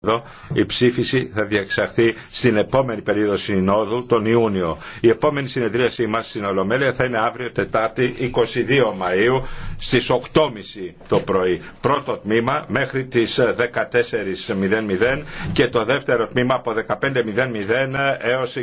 Εδώ η ψήφιση θα διαξαχθεί στην επόμενη περίοδο συνόδου τον Ιούνιο. Η επόμενη συνεδρίασή μας στην Ολομέλεια θα είναι αύριο Τετάρτη 22 Μαΐου στις 8.30 το πρωί. Πρώτο τμήμα μέχρι τις 14.00 και το δεύτερο τμήμα από 15.00 έως